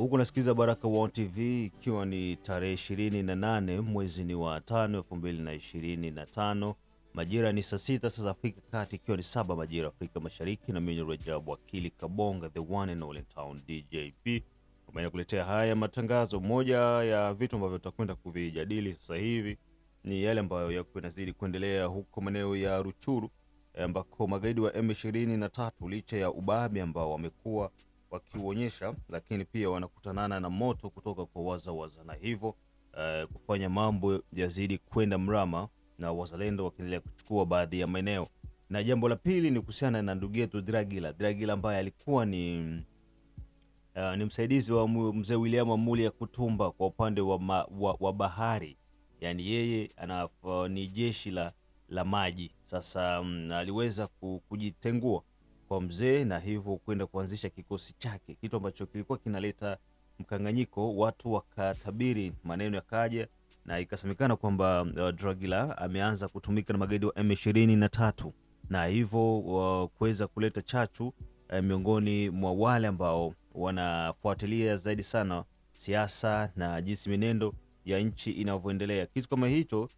huku nasikiliza Baraka One TV ikiwa ni tarehe 28 mwezi ni wa tano elfu2 na tano majira ni saa sita sasa Afrika Kati, ikiwa ni saba majira Afrika Mashariki, na mimi ni Rajabu Akili Kabonga, the one and only town DJP ambaye nakuletea haya matangazo. Moja ya vitu ambavyo tutakwenda kuvijadili sasa hivi ni yale ambayo yako inazidi kuendelea huko maeneo ya Ruchuru ambako magaidi wa M23 licha ya ubabe ambao wamekuwa wakiuonyesha, lakini pia wanakutanana na moto kutoka kwa wazawaza, na hivyo uh, kufanya mambo yazidi kwenda mrama na wazalendo wakiendelea kuchukua baadhi ya maeneo. Na jambo la pili ni kuhusiana na ndugu yetu Dragila, Dragila ambaye alikuwa ni uh, ni msaidizi wa mzee William Amuli ya Kutumba kwa upande wa, ma, wa, wa bahari, yani yeye ana, uh, ni jeshi la, la maji. Sasa um, aliweza kujitengua kwa mzee na hivyo kwenda kuanzisha kikosi chake, kitu ambacho kilikuwa kinaleta mkanganyiko. Watu wakatabiri maneno yakaja, na ikasemekana kwamba uh, Dragila ameanza kutumika na magaidi wa M23 na hivyo uh, kuweza kuleta chachu uh, miongoni mwa wale ambao wanafuatilia zaidi sana siasa na jinsi menendo ya nchi inavyoendelea. Kitu kama hicho uh,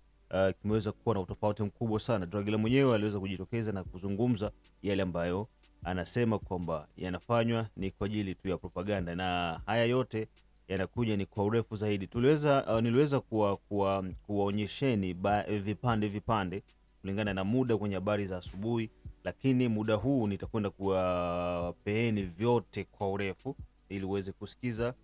kimeweza kuwa na utofauti mkubwa sana. Dragila mwenyewe aliweza kujitokeza na kuzungumza yale ambayo anasema kwamba yanafanywa ni kwa ajili tu ya propaganda, na haya yote yanakuja ni kwa urefu zaidi. Tuliweza uh, niliweza kuwa, kuwa, kuwaonyesheni vipande vipande kulingana na muda kwenye habari za asubuhi, lakini muda huu nitakwenda kuwapeeni vyote kwa urefu ili uweze kusikiza uh,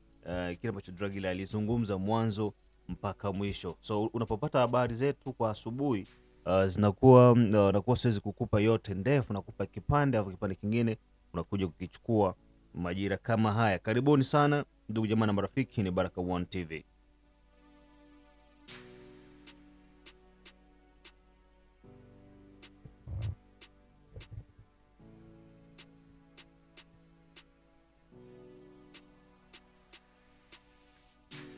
kile ambacho Dragila alizungumza mwanzo mpaka mwisho. So unapopata habari zetu kwa asubuhi uh, zinakuwa uh, nakuwa siwezi kukupa yote ndefu, nakupa kipande au kipande kingine unakuja kukichukua majira kama haya. Karibuni sana ndugu jamaa na marafiki, ni Baraka 1 TV.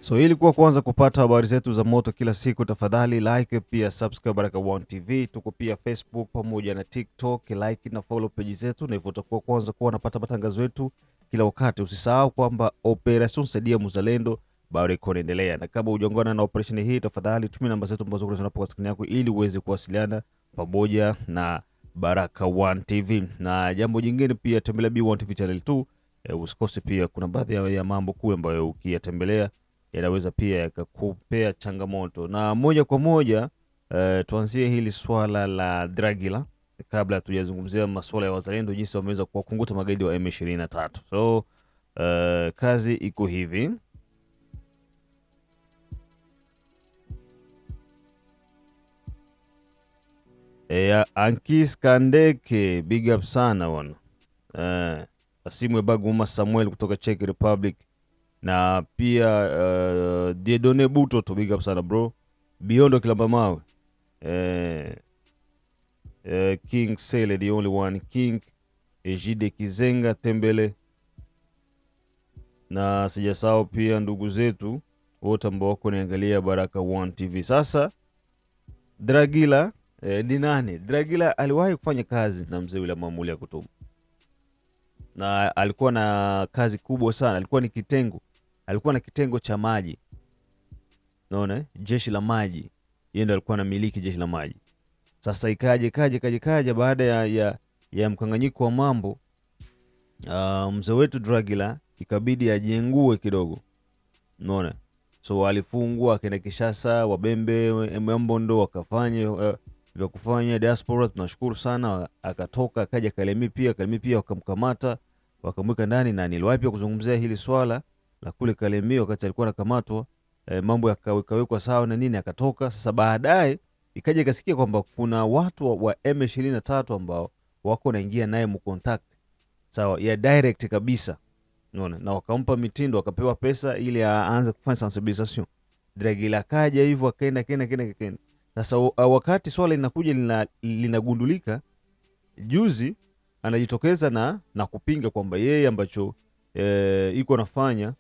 So ili kuwa kwanza kupata habari zetu za moto kila siku, tafadhali like, pia subscribe baraka One TV. Tuko pia Facebook pamoja na TikTok, like na follow page zetu, na hivyo utakuwa kwanza kuwa unapata matangazo yetu kila wakati. Usisahau kwamba Operation Saidia Muzalendo bado iko inaendelea, na kama hujaungana na operation hii, tafadhali tumia namba zetu ambazo kwa skrini yako ili uweze kuwasiliana pamoja na baraka One TV. Na jambo jingine pia tembelea B1 TV channel 2, e, eh, usikose. Pia kuna baadhi ya mambo kule ambayo ukiyatembelea yanaweza pia yakakupea changamoto. Na moja kwa moja eh, tuanzie hili swala la Dragila kabla hatujazungumzia masuala ya wazalendo jinsi wameweza kuwakunguta magaidi wa M23. So uh, kazi iko hivi. E, Ankis Kandeke big up sana bwana. Uh, eh, ya Baguma Samuel kutoka Czech Republic na pia uh, Diedone Buto to big up sana bro, Biondo Kilamba Mawe eh, eh, King Sele the only one King Ejide Kizenga Tembele na sijasahau pia ndugu zetu wote ambao wako niangalia Baraka One TV. Sasa Dragila eh, ni nani? Dragila aliwahi kufanya kazi na mzee yule Mamuli ya Kutuma, na alikuwa na kazi kubwa sana, alikuwa ni kitengo alikuwa na kitengo cha maji, naona eh? jeshi la maji. Yeye ndo alikuwa anamiliki jeshi la maji. Sasa ikaje kaje kaje kaje, baada ya, ya, ya mkanganyiko wa mambo uh, mzee wetu Dragila ikabidi ajengue kidogo, naona so alifungwa akaenda Kishasa, Wabembe Mbondo wakafanya uh, vya kufanya diaspora, tunashukuru sana. Akatoka akaja Kalemi pia, Kalemi pia wakamkamata wakamweka ndani, na niliwahi pia kuzungumzia hili swala la kule Kalemie wakati alikuwa anakamatwa e, mambo yakawekwa sawa na nini, akatoka. Sasa baadaye ikaja ikasikia kwamba kuna watu wa M23 ambao wako naingia naye mkontakt sawa ya direct kabisa, unaona, na wakampa mitindo, akapewa pesa ili aanze kufanya sensibilisation Dragila kaja hivyo akaenda kenda kenda kenda. Sasa wakati swala linakuja linagundulika lina, juzi anajitokeza na, na kupinga kwamba yeye ambacho e, iko nafanya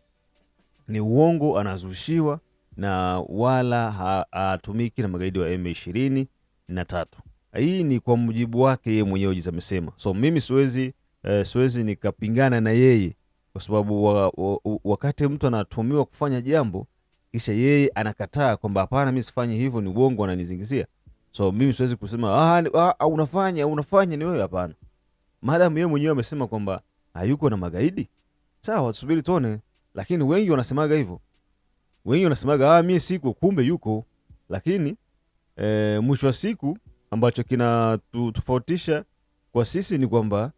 ni uongo, anazushiwa na wala hatumiki na magaidi wa M23. Hii ni kwa mujibu wake yeye mwenyewe amesema. So mimi siwezi eh, siwezi nikapingana na yeye kwa sababu wa, wa, wakati mtu anatumiwa kufanya jambo kisha yeye anakataa kwamba hapana, mimi sifanyi hivyo, ni uongo, ananizingizia. So mimi siwezi kusema ah, ah, ah unafanya unafanya ni wewe. Hapana, maadamu yeye mwenyewe amesema kwamba hayuko na magaidi, sawa, tusubiri tuone. Lakini wengi wanasemaga hivyo, wengi wanasemaga ah, mimi siko, kumbe yuko. Lakini e, mwisho wa siku ambacho kinatutofautisha kwa sisi ni kwamba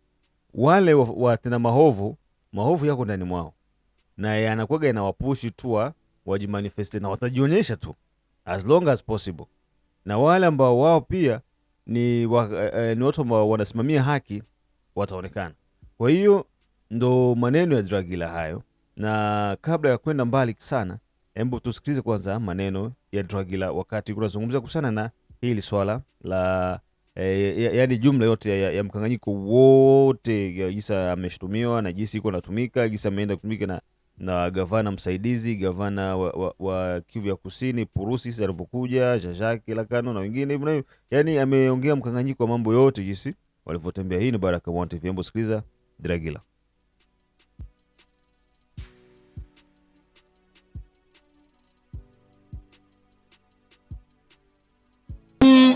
wale watenda mahovu, mahovu yako ndani mwao na yanakuwaga inawapushi tu wajimanifeste na watajionyesha tu as long as possible, na wale ambao wao pia ni, wa, eh, ni watu ambao wanasimamia haki wataonekana. Kwa hiyo ndo maneno ya Dragila hayo na kabla ya kwenda mbali sana, hebu tusikilize kwanza maneno ya Dragila wakati kunazungumza kuhusiana na hili swala la E, yaani jumla yote ya, ya, ya mkanganyiko wote jinsi ameshutumiwa na jinsi iko natumika jinsi ameenda kutumika na, na gavana msaidizi gavana wa, wa, wa Kivu ya Kusini Purusi sasa alivyokuja Jajaki Lakano na wengine hivyo na hivyo, yaani ameongea mkanganyiko wa mambo yote jinsi walivyotembea. Hii ni Baraka1 TV, hebu sikiliza Dragila.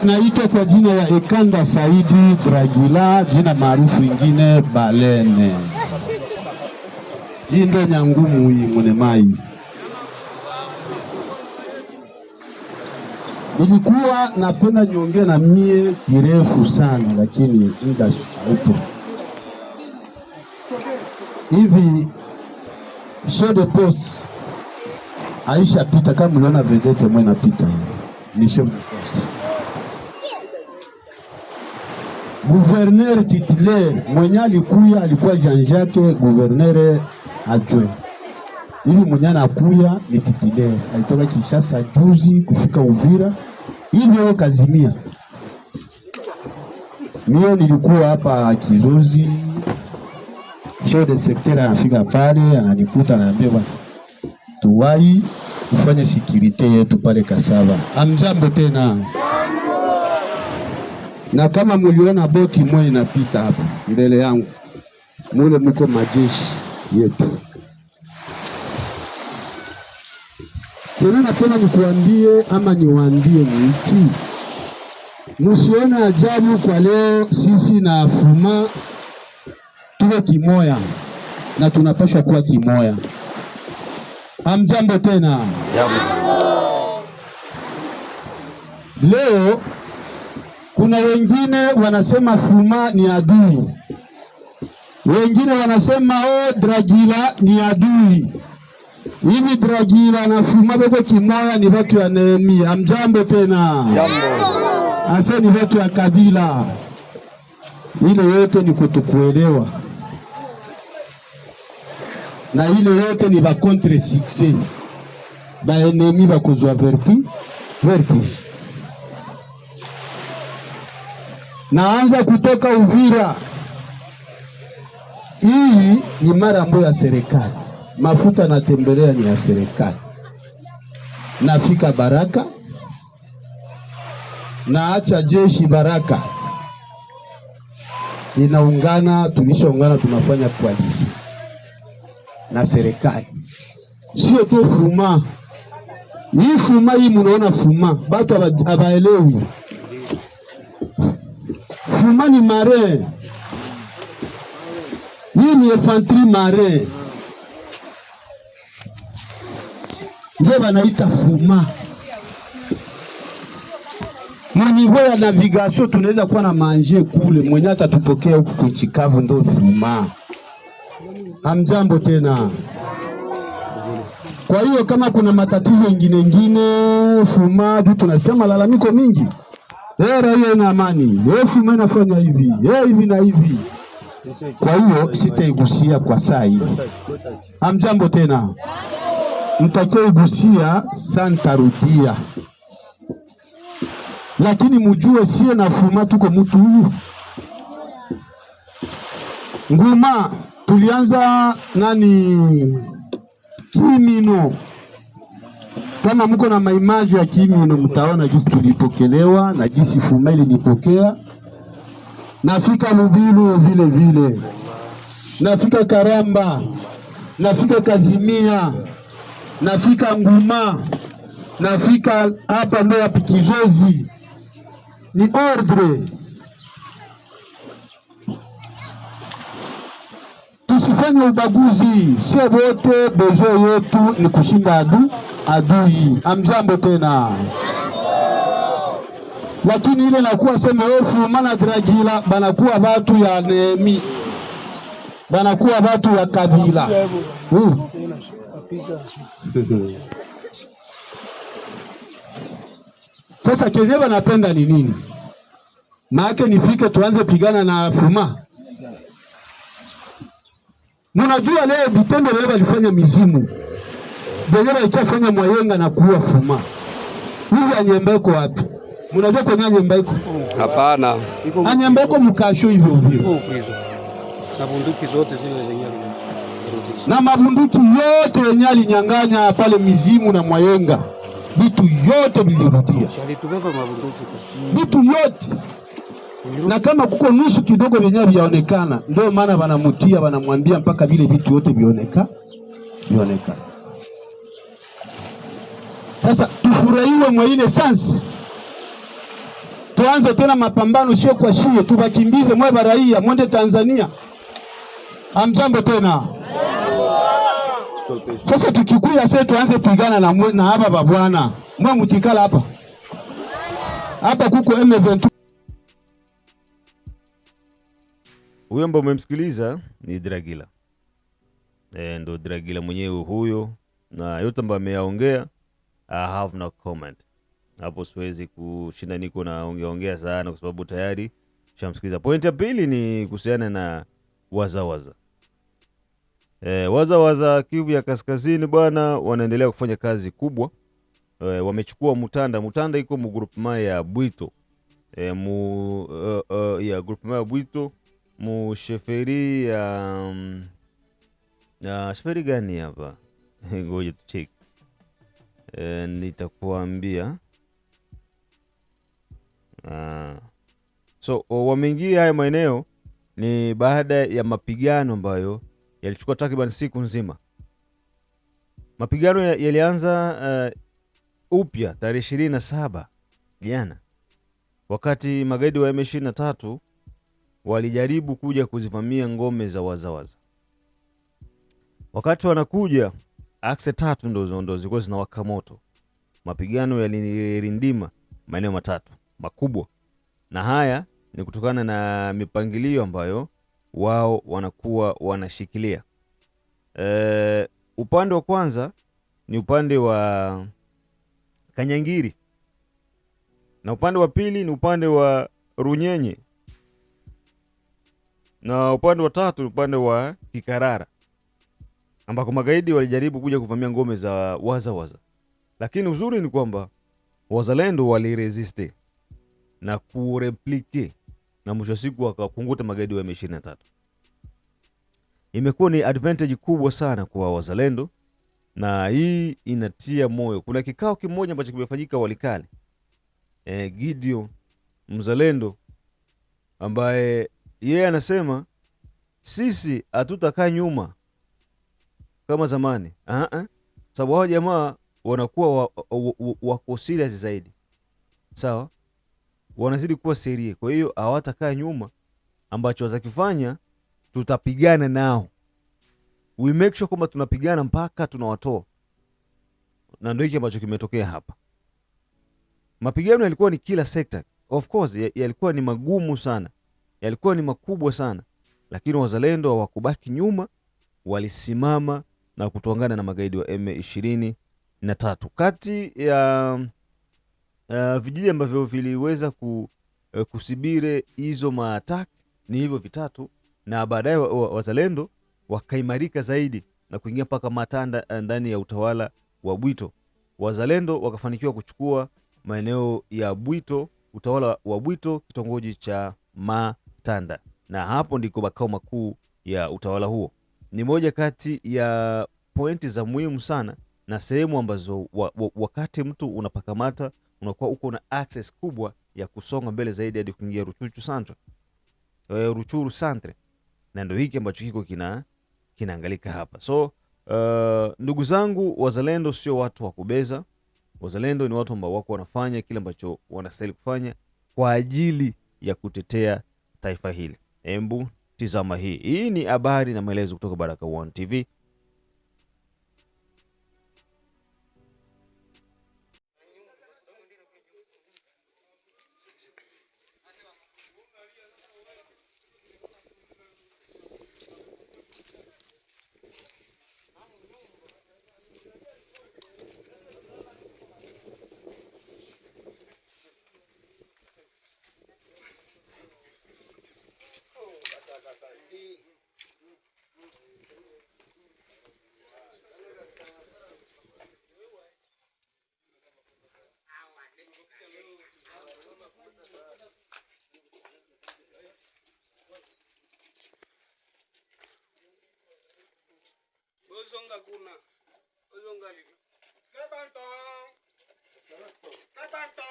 naitwa kwa jina ya Ekanda Saidi Dragila, jina maarufu ingine Balene. Hii ndo nyangumu hii mwene mai. Nilikuwa napenda niongee na mie kirefu sana, lakini muda haupo. Hivi show de post aisha pita, kama mliona vedete mwenapita nisho Gouverneur titulaire mwenye alikuya alikuwa Jean Jacques, gouverneur adjoint. Ili mwenye anakuya ni titulaire, alitoka Kishasa juzi kufika Uvira, hivyo kazimia. Mio nilikuwa hapa Kizozi, chef de secteur anafika pale ananikuta, ananiambia bwana, tuwai ufanye sikirite yetu pale Kasaba. Amjambo tena na kama muliona boti moja inapita hapa mbele yangu, mule muko majeshi yetu. Tena na tena nikuambie ama niwaambie miki, musione ajabu kwa leo. Sisi na afuma tuko kimoya na tunapaswa kuwa kimoya. Amjambo tena, jambo leo kuna wengine wanasema fuma ni adui, wengine wanasema o oh, dragila ni adui. Hivi dragila na fuma vyote kimoya, ni watu ya neemi. Amjambo tena, ase ni watu ya kabila ile, yote ni kutukuelewa na ile yote ni va contre succès ba enemi kuzwa verti verti naanza kutoka Uvira. Hii ni mara ambayo ya serikali, mafuta natembelea ni ya serikali. Nafika Baraka, naacha jeshi Baraka, inaungana tulishaungana, tunafanya koalisio na serikali, sio tu fuma hii fuma hii, munaona fuma, batu abaelewi Fumani mare, hii ni infantry mare, ndio wanaita fuma. Mwenyewe ya navigation tunaweza kuwa na manje kule, mwenye atatupokea huku kunchikavu, ndo fuma. Amjambo tena. Kwa hiyo kama kuna matatizo ingine ingine, fuma tu tunasikia malalamiko mingi Eh, raia na amani, Yesu eh, nafanya hivi Eh, hivi na hivi. Kwa hiyo sitaigusia kwa saa hii. Amjambo tena, ntakioigusia saa ntarudia, lakini mujue sie nafuma tuko mutu huyu nguma tulianza nani kimino kama mko na maimaji ya kimino, mtaona jinsi tulipokelewa na jinsi fuma ilinipokea. Nafika lubilu vile vile, nafika Karamba, nafika Kazimia, nafika Nguma, nafika hapa ya Pikizozi. Ni ordre tusifanye ubaguzi, sio wote, bezo yetu ni kushinda adui adui. Amjambo tena lakini ile nakuwa semeofu maana dragila banakuwa batu ya nemi banakuwa batu ya kabila uh. Sasa kenye banapenda ni nini? Maake nifike tuanze pigana na fuma. Munajua leo vitendo leo walifanya mizimu Wenyewe walichofanya Mwayenga na kuua Fuma. Hivi anyemba iko wapi? Mnajua kwenye anyemba iko? Hapana. Anyemba iko mkasho hivyo hivyo. Na bunduki zote zile zenyewe na mabunduki yote yenye alinyang'anya pale mizimu na Mwayenga, vitu yote vilirudia, vitu yote na kama kuko nusu kidogo vyenye vyaonekana, ndio maana wanamutia wanamwambia mpaka vile vitu yote vioneka vionekana. Sasa tufurahiwe mwa ile sansi, tuanze tena mapambano, sio kwa shie, tuvakimbize mwe baraia mwende Tanzania. Amjambo tena sasa tukikuya se tuanze pigana na mwe, na hapa babwana mwe mtikala hapa hapa kuko M23. Huyo ambaye umemsikiliza ni Dragila e, ndo Dragila mwenyewe huyo, na yote ambayo ameyaongea I have no comment. Hapo siwezi kushinda, niko naongeaongea sana kwa sababu tayari shamsikiliza. Point ya pili ni kuhusiana na wazawaza e, waza Kivu ya Kaskazini bwana, wanaendelea kufanya kazi kubwa e, wamechukua Mutanda. Mutanda iko mu groupema ya Bwito e, mu, uh, uh, ya groupema ya Bwito mu sheferi ya um, uh, sheferi gani hapa ngoja tucheki e, nitakuambia ah. So wameingia haya maeneo ni baada ya mapigano ambayo yalichukua takriban siku nzima. Mapigano yalianza uh, upya tarehe ishirini na saba jana, wakati magaidi wa M23 walijaribu kuja kuzivamia ngome za wazawaza Wakati wanakuja Akse tatu ndo ndo zilikuwa zinawaka moto. Mapigano yalirindima maeneo matatu makubwa, na haya ni kutokana na mipangilio ambayo wao wanakuwa wanashikilia. E, upande wa kwanza ni upande wa Kanyangiri na upande wa pili ni upande wa Runyenye na upande wa tatu ni upande wa Kikarara ambako magaidi walijaribu kuja kuvamia ngome za wazawaza waza. Lakini uzuri ni kwamba wazalendo waliresiste na kureplike na mwisho wa siku wakapunguta magaidi wa m tatu Imekuwa ni advantage kubwa sana kwa wazalendo na hii inatia moyo. Kuna kikao kimoja ambacho kimefanyika walikali e, gidio mzalendo ambaye yeye anasema sisi hatutakaa nyuma kama zamani uh -uh. Sababu hao jamaa wanakuwa wako wa, wa, wa serious zaidi, sawa, wanazidi kuwa serie. Kwa hiyo hawatakaa nyuma, ambacho watakifanya tutapigana nao, we make sure kwamba tunapigana mpaka tunawatoa, na ndio hiki ambacho kimetokea hapa. Mapigano yalikuwa ni kila sekta, of course yalikuwa ni magumu sana, yalikuwa ni makubwa sana, lakini wazalendo hawakubaki nyuma, walisimama na kutuangana na magaidi wa M23. Kati ya uh, vijiji ambavyo viliweza ku, uh, kusibire hizo maataki ni hivyo vitatu, na baadaye wazalendo wa, wa wakaimarika zaidi na kuingia mpaka Matanda eh, ndani ya utawala wa Bwito. Wazalendo wakafanikiwa kuchukua maeneo ya Bwito, utawala wa Bwito, kitongoji cha Matanda, na hapo ndiko makao makuu ya utawala huo ni moja kati ya pointi za muhimu sana na sehemu ambazo wa, wa, wakati mtu unapakamata unakuwa uko na access kubwa ya kusonga mbele zaidi hadi kuingia Ruchuru Centre. Eh, Ruchuru Centre. Na ndio hiki ambacho kiko kina kinaangalika hapa. So uh, ndugu zangu wazalendo sio watu wa kubeza. Wazalendo ni watu ambao wako wanafanya kile ambacho wanastahili kufanya kwa ajili ya kutetea taifa hili. Embu Tizama hii. Hii ni habari na maelezo kutoka Baraka1 TV. uzonga kuna uzonga lilo kabanto kabanto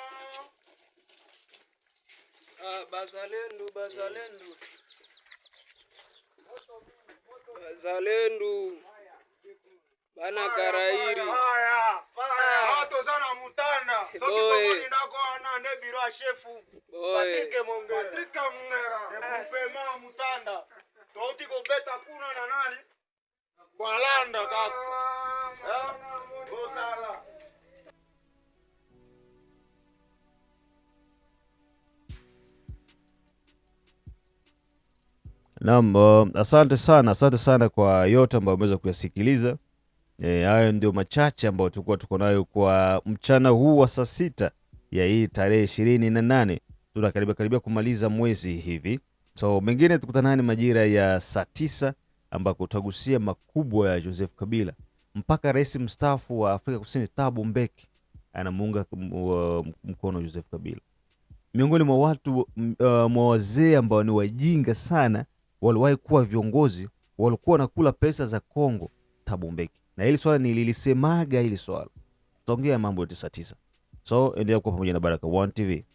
ah, bazalendu bazalendu bazalendu bana karairi ah. tozana mutanda soki tomoni ndako wana nde biro ya shefu mongera patrike mongera epupema mutanda touti kobeta kuna na nani kwalanda Naam, asante sana, asante sana kwa yote ambayo umeweza kuyasikiliza. E, hayo ndio machache ambayo tulikuwa tuko nayo kwa mchana huu wa saa sita ya hii tarehe ishirini na nane. Tunakaribia karibia kumaliza mwezi hivi, so mengine tukutanani majira ya saa tisa ambako utagusia makubwa ya Joseph Kabila mpaka rais mstaafu wa Afrika Kusini Thabo Mbeki anamuunga mkono Joseph Kabila. Miongoni mwa watu uh, mwa wazee ambao ni wajinga sana waliwahi kuwa viongozi walikuwa wanakula pesa za Kongo Thabo Mbeki, na hili swala nililisemaga, hili swala tutaongea mambo ya tisa tisa. So endelea kuwa pamoja na Baraka1 TV.